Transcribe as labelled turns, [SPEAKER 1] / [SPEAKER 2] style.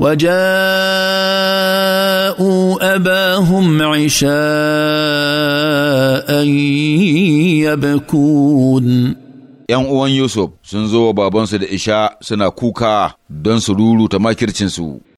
[SPEAKER 1] وجاءوا اباهم
[SPEAKER 2] عشاء يبكون ‘Yan uwan Yusuf sun zo wa babansu da isha suna kuka don su ta makircinsu.